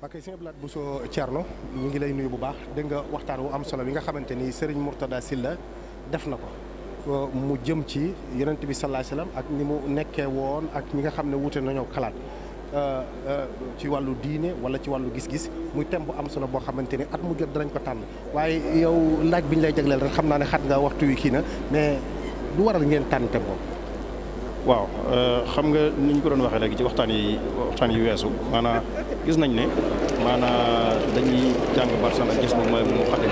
ok sëñ Abdou Lahad Bousso Thierno mu ngi lay nuyu bu baax dégg nga waxtaan wu am solo bi nga xamante ni Serigne si la def na ko mu jëm ci yenent bi sallallahu alayhi ak ni mu nekkee woon ak ñi nga xam ne wuute nañoo xalaat euh, euh, ci wàllu diine wala ci wàllu gis-gis mu thème bu am solo boo xamante ni at mu jot danañ ko tànn waaye yow laaj bi ñu lay jagleel rek xam naa ne xat nga waxtu wi kii na mais lu waral ngeen tànn thème waaw euh, xam nga ni ñu ko doon waxee rek ci waxtaan yi waxtaan yi weesu maanaam gis nañ ne maanaam dañuy jàng barsan ak gis moom mooy mu xadim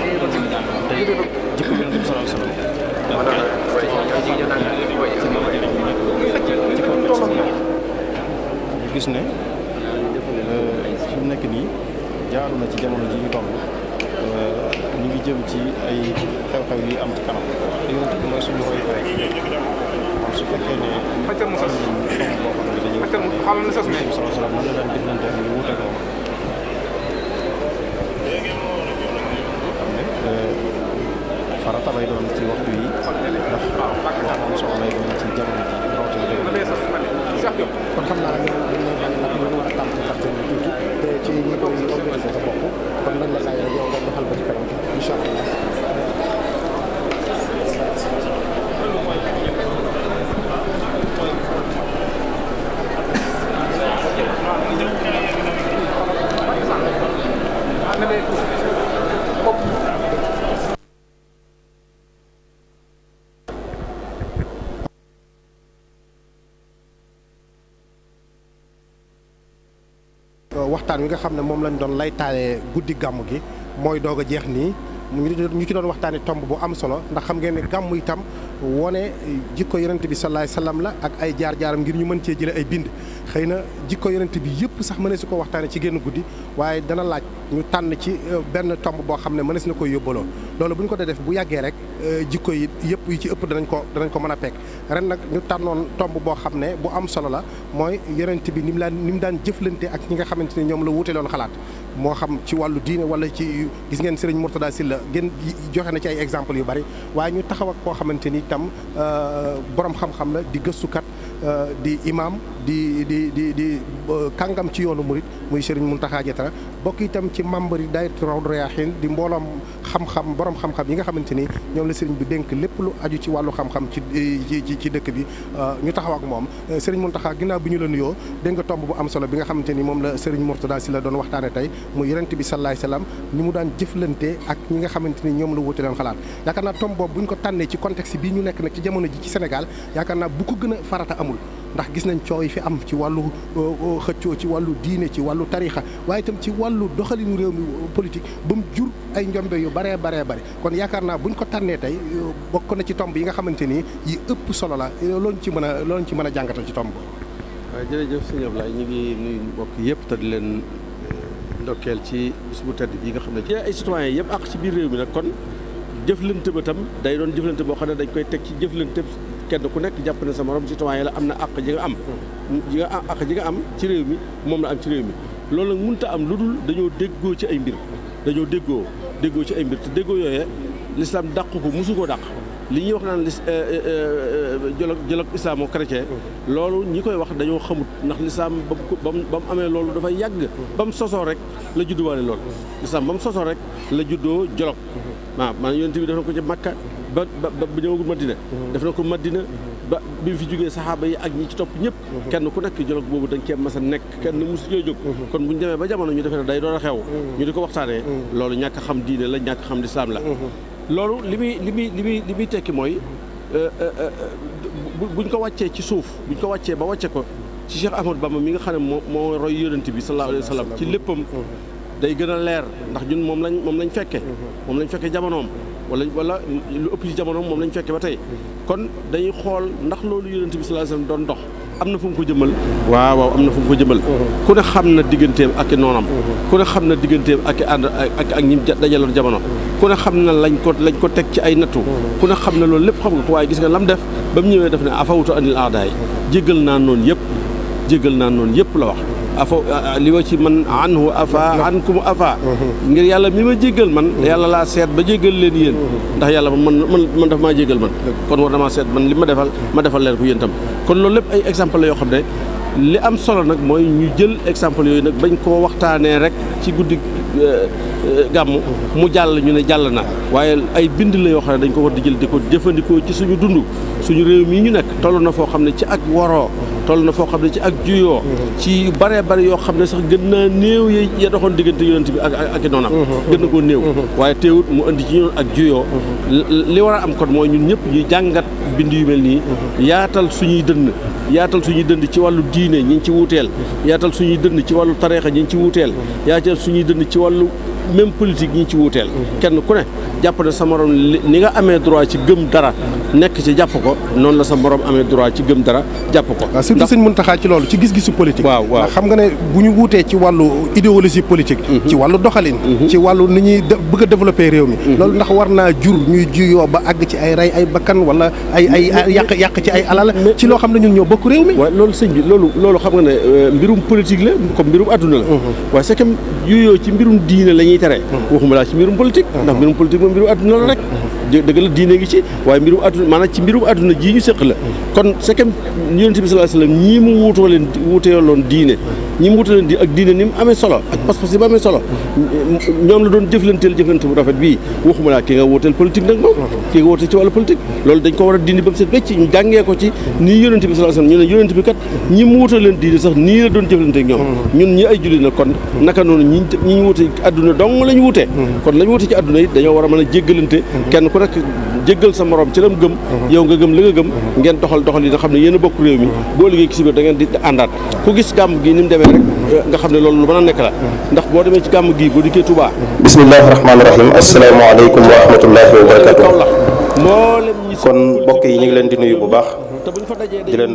gis ne euh, fi nekk nii jaaru na ci jamono ji ñu toll euh, ñu ngi jëm ci ay xew-xew yi am ci kanam te yonent bi mooy suñu roy fekkee ne. xëccal mu sos xëccal mu xamal ne sos mais. mën na daan jëflante ak ñu wuute ko. xam ne farata lay doon ci waxtu yi ndax am soxla lay doon ci jamono ji rawatina kon xam naa waxtaan wi nga xam ne moom lañu doon laytaale guddi gàmm gi mooy doog a jeex nii ñu ci doon waxtaanee tomb bu am solo ndax xam ngeen ne gàmm itam wone jikko yonent bi salaay salaam la ak ay jaar-jaaram ngir ñu mën cee jële ay bind xëy na jikko yonent bi yëpp sax mënees ko waxtaanee ci génn guddi waaye dana laaj ñu tànn ci euh, benn tomb boo xam ne mënees na koy yóbbaloo loolu bu ñu ko dee def bu yàggee rek euh, jikko yi yëpp yi ci ëpp danañ ko danañ ko mën a pekk ren nag ñu tànnoon tomb boo xam ne bu am solo la mooy yonent bi ni mu daan ni mu daan jëflante ak ñi nga xamante ne ñoom la wuute loon xalaat moo xam ci wàllu diine wala ci gis ngeen Serigne Mourtada Sylla gën joxe na ci ay exemple yu bari waaye ñu taxaw koo xamante ni itam euh, borom xam-xam la di gëstukat Euh, di imam di di di di kàngam ci yoonu murit muy Serigne Mountakha Diatara bokk itam ci membre yi daayira Rawdu Rayaahiin di mboolam xam-xam borom xam-xam yi nga xamante ni ñoom la sëriñ bi denk lépp lu aju ci wàllu xam-xam ci ci ci dëkk bi euh, ñu taxaw ak moom euh, sëriñ Mountakha ginnaaw bi ñu la nuyoo dégg nga tomb bu am solo bi nga xamante ni moom la sëriñ Mourtada si la doon waxtaane tey mu yonent bi salaay salaam ni mu daan jëflante ak ñi nga xamante ni ñoom la wuute leen xalaat yaakaar naa tomb boobu buñ ko tànnee ci contexte bi ñu nekk nag ci jamono ji ci Sénégal yaakaar naa ko gën a farata ndax gis nañ coow yi fi am ci wàllu euh, euh, xëccoo ci wàllu diine ci wàllu tarixa waaye itam ci wàllu doxalinu réew mi euh, politique ba mu jur ay njombe yu baree baree bare kon yaakaar naa buñ ko tànnee tey bokk na ci tomb yi nga xamante ni yi ëpp solo la loolu ci mën a loolu ci mën a jàngatal ci tomb waaw jërëjëf sëñ Ablaye ñu ngi nuyu mbokk yëpp te di leen ndokkeel ci bis bu tedd bi nga xam ne ci ay citoyens yëpp ak ci biir réew mi nag kon jëflante bi tam day doon jëflante boo xam ne dañ koy teg ci jëflant kenn ku nekk jàpp na sa morom citoyen la am na àq ji nga am mm. ji nga àq ji nga am ci réew mi moom la am ci réew mi loolu nag mënta am lu dul dañoo déggoo ci ay mbir dañoo déggoo déggoo ci ay mbir te déggoo yooyee lislaam dàq ko mosu koo dàq li ñuy wax naan lis dialogue euh, euh, euh, dialogue islamo-chrétien mm. loolu ñi koy wax dañoo xamut ndax lislaam ba mu ba mu amee loolu dafay yàgg mm. ba mu sosoo rek la judduwaale loolu lislaam ba mu sosoo rek la juddoo dialogue waaw man yonent bi def na ko ci Makka ba ba ba ñëwagul Madina mhm. def na ko Madina mhm. ba bi fi jógee saxaaba yi ak ñi ci topp ñëpp mhm. kenn ku nekk jolof boobu dañ cee ma a nekk kenn mosu cee jóg kon bu ñu demee ba jamono ñu defee ne day doon xew ñu di ko waxtaanee loolu ñàkk a xam diine la ñàkk xam lislaam la loolu li muy li muy li muy li muy tekki mooy euh, euh, euh, buñ ko wàccee ci suuf buñ ko wàccee ba wàcce ko ci Cheikh ba Bamba mi nga xam ne moo moo roy yonent bi sallallahu alayhi wa sallam ci léppam day gën a leer ndax ñun moom lañ moom lañ fekke moom lañ fekke jamonoom wala wala lu ëpp ci jamono moom lañ fekke ba tey kon dañuy xool ndax loolu yonent bi sallallahu doon dox am na fu mu ko jëmal waaw waaw am na fu ko jëmal mhm. ku ne xam na digganteem ak i noonam mhm. ku ne xam na digganteem ak ànd ak ak ñi dajaloon jamono mhm. ku ne xam na lañ ko lañ ko teg ci ay nattu ku ne xam na loolu lépp xam nga waaye gis nga lam def ba mu ñëwee def ne afawutu anil aadaay jéggal naa noonu yëpp jégal naa noonu yëpp la wax afa li wa ci man anhu afa ankum afa ngir yàlla mi ma jégal man yàlla laa seet ba jégal leen yéen ndax yàlla man man man dafa maa jégal man kon war na maa seet man li ma defal ma defal leen ko yéen tam kon loolu lépp ay exemple yoo xam ne li am solo nag mooy ñu jël exemple yooyu nag bañ koo waxtaanee rek ci guddi euh, euh, gàmmu mu jàll ñu ne jàll na waaye ay bind la yoo xam ne dañ ko war di jël di ko jëfandikoo ci suñu dund suñu réew mii ñu nekk toll na foo xam ne ci ak waroo toll na foo xam ne ci ak juyoo ci yu bare bare yoo xam ne sax gën naa néew ya ya doxoon diggante yonent bi ak ak i noonam gën na koo néew waaye teewut mu indi ci ñoon ak juyoo li war a am kon mooy ñun ñëpp ñuy jàngat bind yu mel nii yaatal suñuy dënn yaatal suñuy dënd ci wàllu diine ñi ngi ci wuteel yaatal suñuy dënd ci wàllu tareexa ñi ngi ci wuuteel yaatal suñuy dënd ci wàllu même politique ñi ci wuuteel kenn ku ne jàpp ne sa morom ni nga amee droit ci gëm dara nekk ci jàpp ko noonu la sa morom amee droit ci gëm dara jàpp ko waaw ah, surtout sëñ Muntaxa ci loolu ci gis-gisu politique waaw waaw xam nga ne bu ñu wuutee ci wàllu idéologie politique mhm. ci wàllu doxalin mhm. ci wàllu ni ñuy bëgg a réew mi mhm. loolu ndax war naa jur ñuy juyoo ba àgg ci ay rey ay bakkan wala ay ay yàq yàq ci ay alal ci loo xam ne ñun ñoo bokk réew mi waaw loolu sëñ loolu loolu xam nga ne euh, mbirum politique la comme mbirum adduna la waaye c'est yi tere waxuma laa ci mbirum politique ndax mbirum politique moom mbirum adduna la rek dëgg la diine ngi ci waaye mbirum adduna maanaam ci mbirum adduna jii ñu sëq la kon sekam yonent bi di ak diine ni mu amee solo ak pas-pas bu rafet bii waxuma laa ki nga wuuteel politique ko war a diine bi sallallahu alayhi wasallam ñu ne yonent sax la doon ñoom ñun ñi ay julli na kon naka noonu ñi ñu wuute adduna dong lañ wute kon lañ wute ci àdduna it dañoo war a mën a jéggalante kenn ku nekk jéggal sa morom ci lam gëm yow nga gëm li nga gëm ngeen doxal doxal yi nga xam ne yéen a bokk réew mi boo liggéey ki si biir da ngeen di àndaat ku gis gàmm gi ni mu demee rek nga xam ne loolu lu mën a nekk la ndax boo demee ci gàmm gii boo dikkee Touba yi ñu ngi leen di bu baax di leen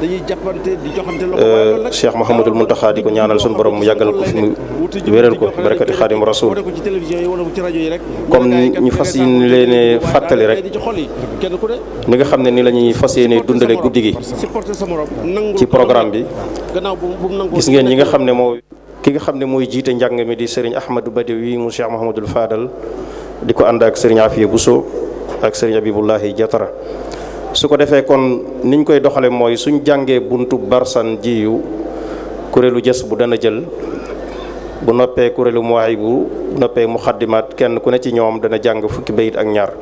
dañuy jàppante di joxante loxo euh, Cheikh Mouhamadul Mountakha di ko ñaanal suñu borom mu yàggal ko fi mu wéral ko barakati xaadim rasul comme ñu fas yéene leen fàttali rek ni nga xam ne ni la ñuy fas yéene dundale guddi gi ci programme bi gis ngeen ñi nga xam ne moo ki nga xam ne mooy jiite njàng mi di sëriñ Ahmadou Badawi mu Cheikh Mouhamadul Fadal di ko ànd ak sëriñ bu Bousso ak sëriñ Abibullahi Jatara su ko defee kon niñ koy doxale mooy suñ jàngee buntu barsan jiyu kuréelu jës bu dana jël bu noppee kuréelu muwaay bu noppee muxaddimaat kenn ku ne ci ñoom dana jàng fukki bayit ak ñaar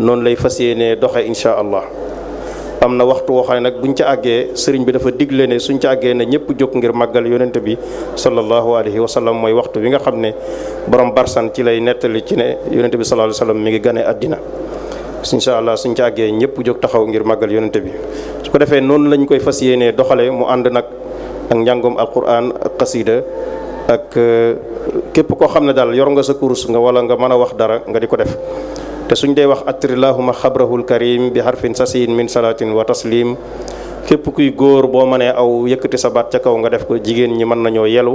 noonu lay fas yéenee doxe incha allah am na waxtu woo xam ne nag buñ ca àggee sëriñ bi dafa digle ne suñ ci àggee ne ñëpp jóg ngir màggal yonent bi sallallahu alayhi wa mooy waxtu bi nga xam ne borom barsan ci lay nettali ci ne yonent bi sallallahu alayhi wa mi ngi gane àddina incha allah suñ ci àggee ñëpp jóg taxaw ngir màggal yonente bi su ko defee noonu lañ koy fas yéenee doxale mu ànd nag ak njàngoom alquran ak xasida ak euh, képp koo xam ne daal yor nga sa kurus nga wala nga mën a wax dara nga di ko def te suñ dee wax atrilahuma xabrahul karim bi harfin sasin min salatin wa taslim képp kuy góor boo mënee aw yëkkati sa baat ca kaw nga def ko jigéen ñi mën nañoo yelu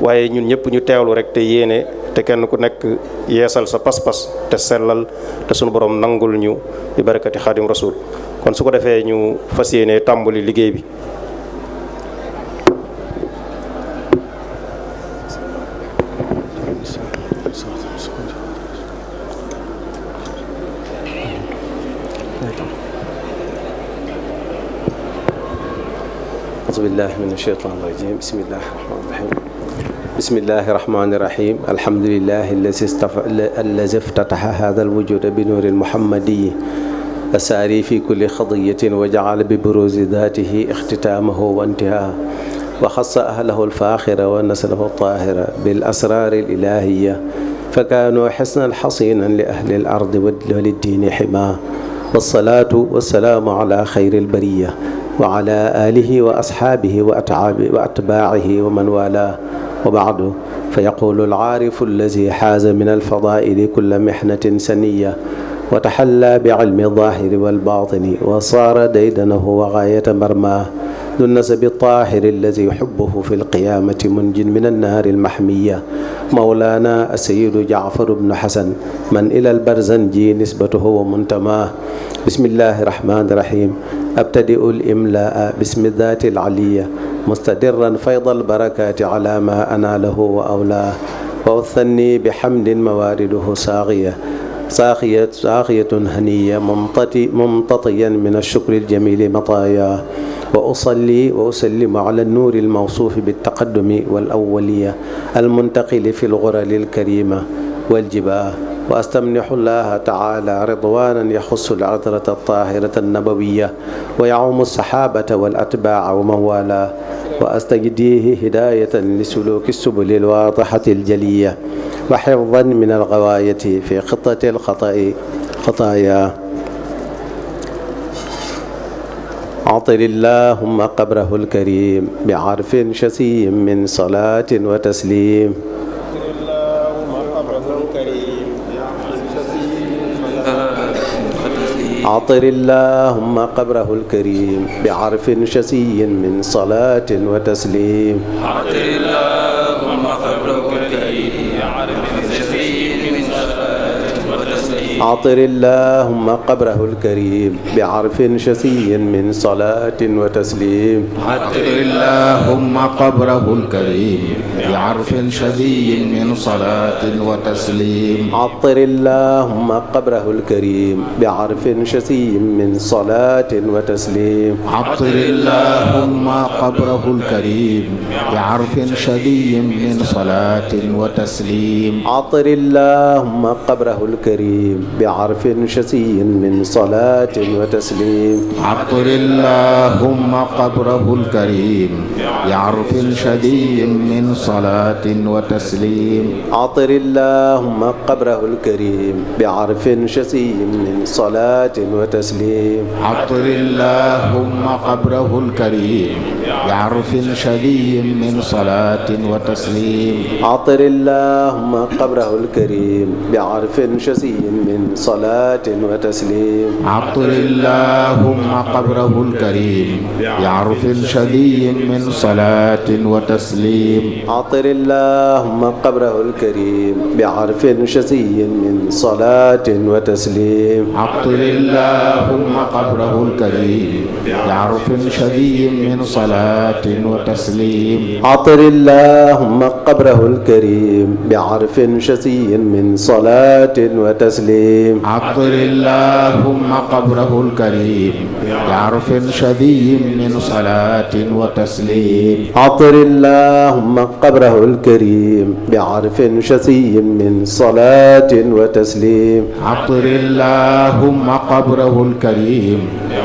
waaye ñun ñëpp ñu teewlu rek te yéene te kenn ku nekk yeesal sa pas-pas te sellal te sunu borom nangul ñu bi barakati xaadim rasul kon su ko defee ñu fas yéene tàmbali liggéey bi. auzu billaahi mina shaytaani bismillahi rahmaani rahim alhamdulilahi allazi iftataha hada alwujuda bi nuuri lmuhammadiyi assaari fi kulli xadiyatin wa jaala bi buruzi daatihi ixtitaamahu wa intihaa wa xassa ahlahu alfaaxira wa naslahu altaahira bil asraari alilahiya fa kaanoo xisnan xasinan li ahli al ardi wa liddiini ximaa wasalaatu wasalaamu ala xayril bariya wa ala alihi wa asxaabihi wa ataabi wa atbaacihi wa man wala wa baado fa yaqulu alcaarifu allazi xaaza min alfadaili kulla mixnatin saniya wa taxalla bi cilmi aldaahiri walbaatini wa saara daydanahu wa gaayata marmaa ذو النسب الطاهر الذي يحبه في القيامة منج من النار المحمية مولانا السيد جعفر بن حسن من إلى البرزنجي نسبته ومنتماه بسم الله الرحمن الرحيم أبتدئ الإملاء باسم الذات العلية مستدرا فيض البركات على ما أناله وأولاه وأثني بحمد موارده ساغية ساقية ساقية هنية ممتطي ممتطيا من الشكر الجميل مطايا وأصلي وأسلم على النور الموصوف بالتقدم والأولية المنتقل في الغرل الكريمة والجباه wa astamnixu llaha taala ridwanan yaxusu aladrata altahirata annabawiya wa yacumu alsaxabata walatbaa wa man wala wa astagdihi hidayatan lisuluki subuli alwadixati aljaliya wa xifdan min algawaayati fi xitati alxatai xataaya عطل اللهم قبره الكريم بعرف شسي من صلاة وتسليم اللهم قبره الكريم عطر اللهم قبره الكريم بعرف شسي من صلاة وتسليم عطر اللهم قبره عطر اللهم قبره الكريم بعرف شسي من صلاة وتسليم عطر اللهم قبره الكريم بعرف شذي من صلاة وتسليم عطر اللهم قبره الكريم بعرف شسي من صلاة وتسليم عطر اللهم قبره الكريم بعرف شذي من صلاة وتسليم عطر اللهم قبره الكريم بعرف شسي من صلاة وتسليم عطر اللهم قبره الكريم بعرف شدي من صلاة وتسليم عطر اللهم قبره الكريم بعرف شسي من صلاة وتسليم عطر اللهم قبره الكريم بعرف شدي من صلاة وتسليم عطر اللهم قبره الكريم بعرف شسي من من صلاة وتسليم عطر اللهم قبره الكريم بعرف شدي من صلاة وتسليم عطر اللهم قبره الكريم بعرف شدي من صلاة وتسليم عطر اللهم قبره الكريم بعرف شدي من صلاة وتسليم عطر اللهم قبره الكريم بعرف شدي من صلاة وتسليم الكريم عطر اللهم قبره الكريم بعرف شذي من صلاة وتسليم عطر اللهم قبره الكريم بعرف شذي من صلاة وتسليم عطر اللهم قبره الكريم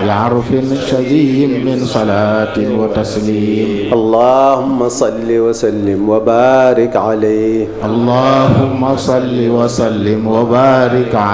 بعرف شذي من صلاة وتسليم اللهم صل وسلم وبارك عليه اللهم صل وسلم وبارك عليه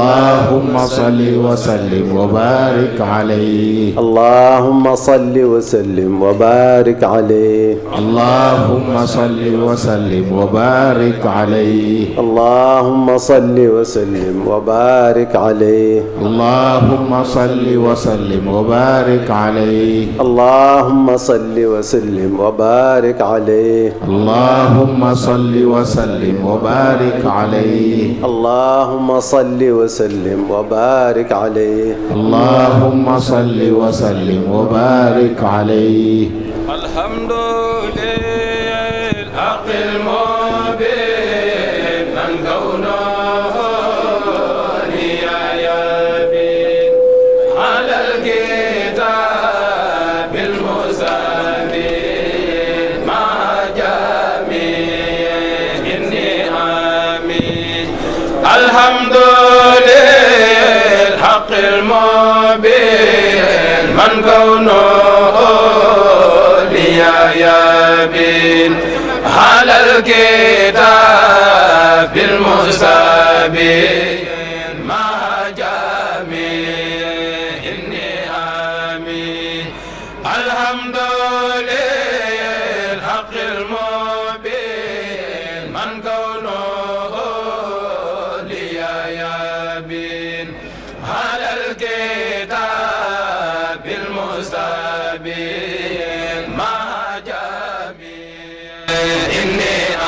allahumma salli wa sallim wa barik alayhi allahumma salli wa sallim wa barik alayhi allahumma salli wa sallim wa barik alayhi allahumma salli wa sallim wa barik alayhi allahumma salli wa sallim wa barik alayhi allahumma salli wa sallim wa barik alayhi allahumma salli wa sallim wa barik alayhi allahumma salli wa وسلم وبارك عليه اللهم صل وسلم وبارك عليه الحمد لله الحق المبين من كونه كون أولياء بين على الكتاب المصابين به مع جميع إني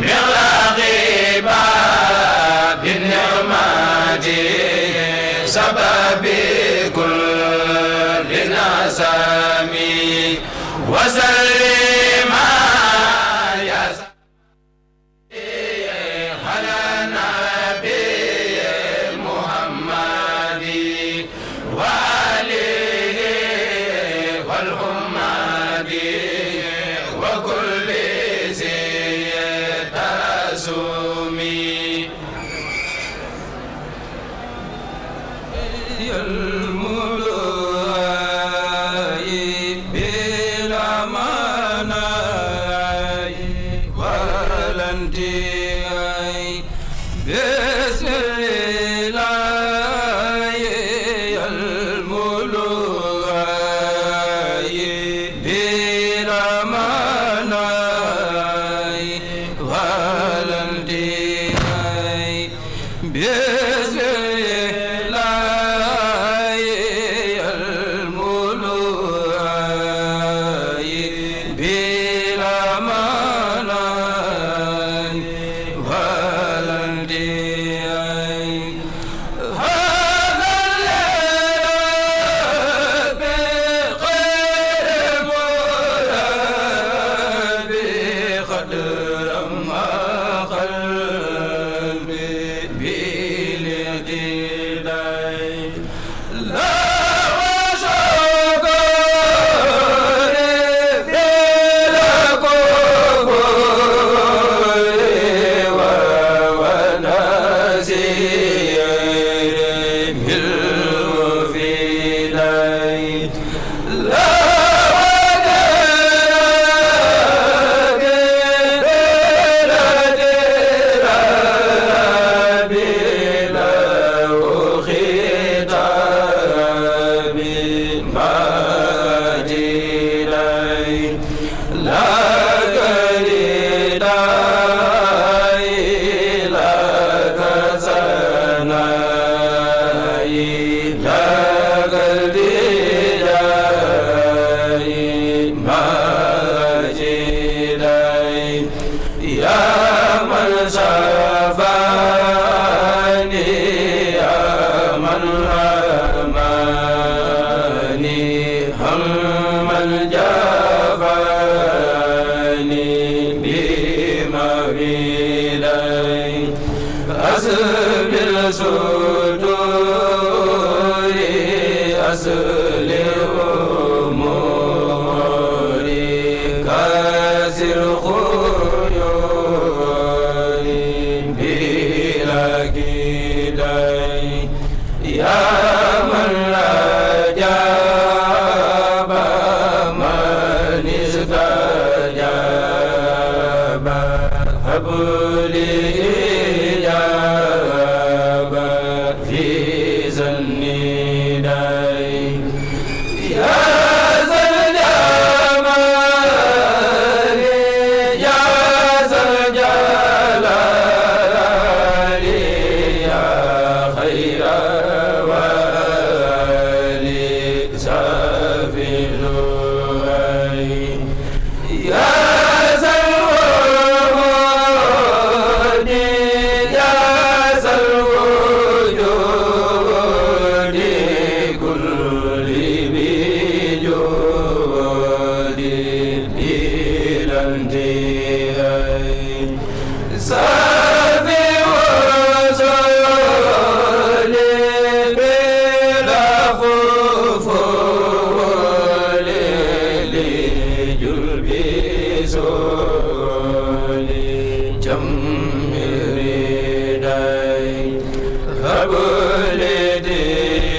Yeah.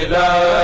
ila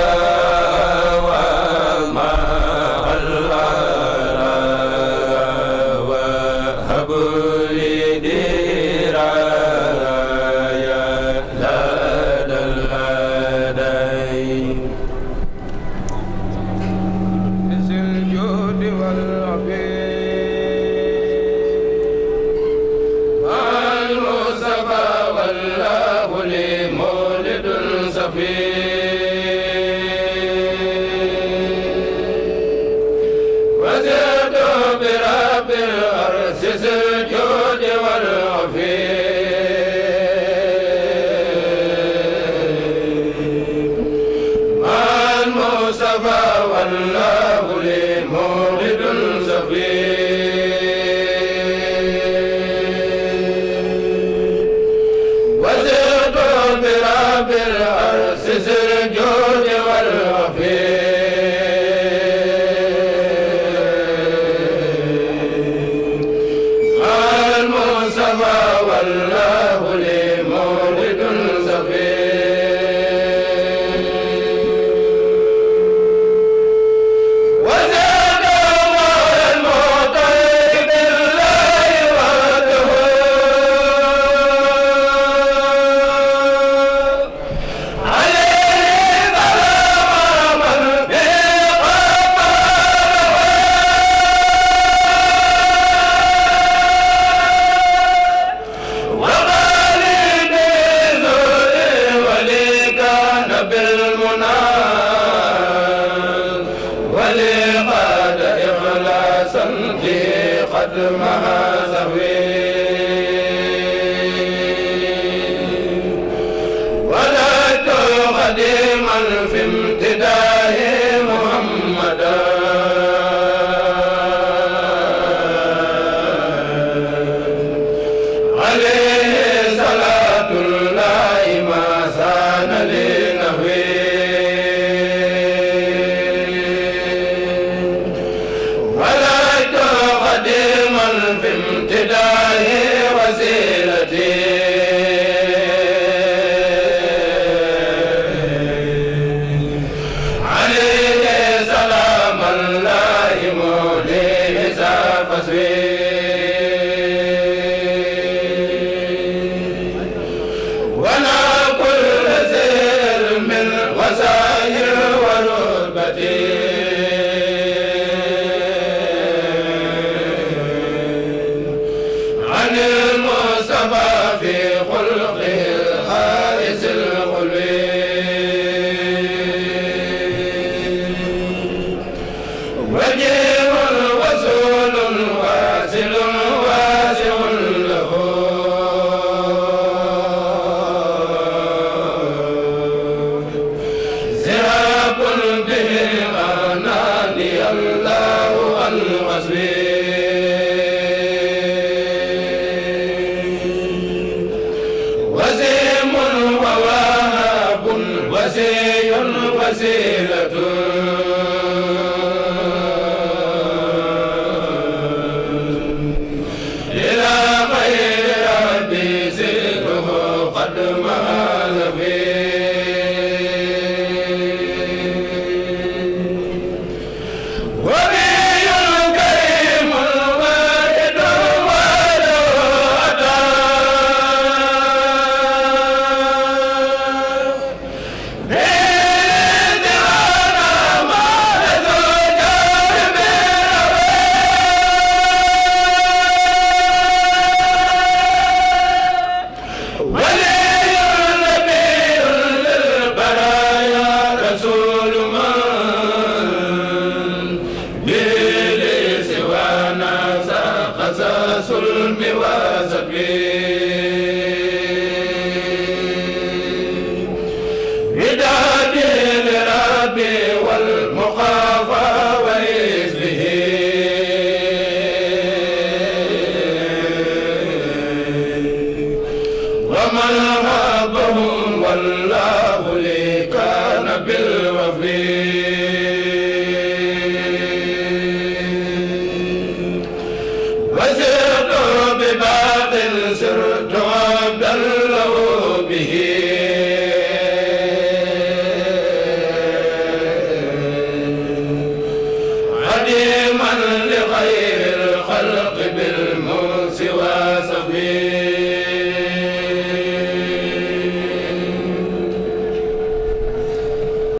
زر جو Mahatma silatu bi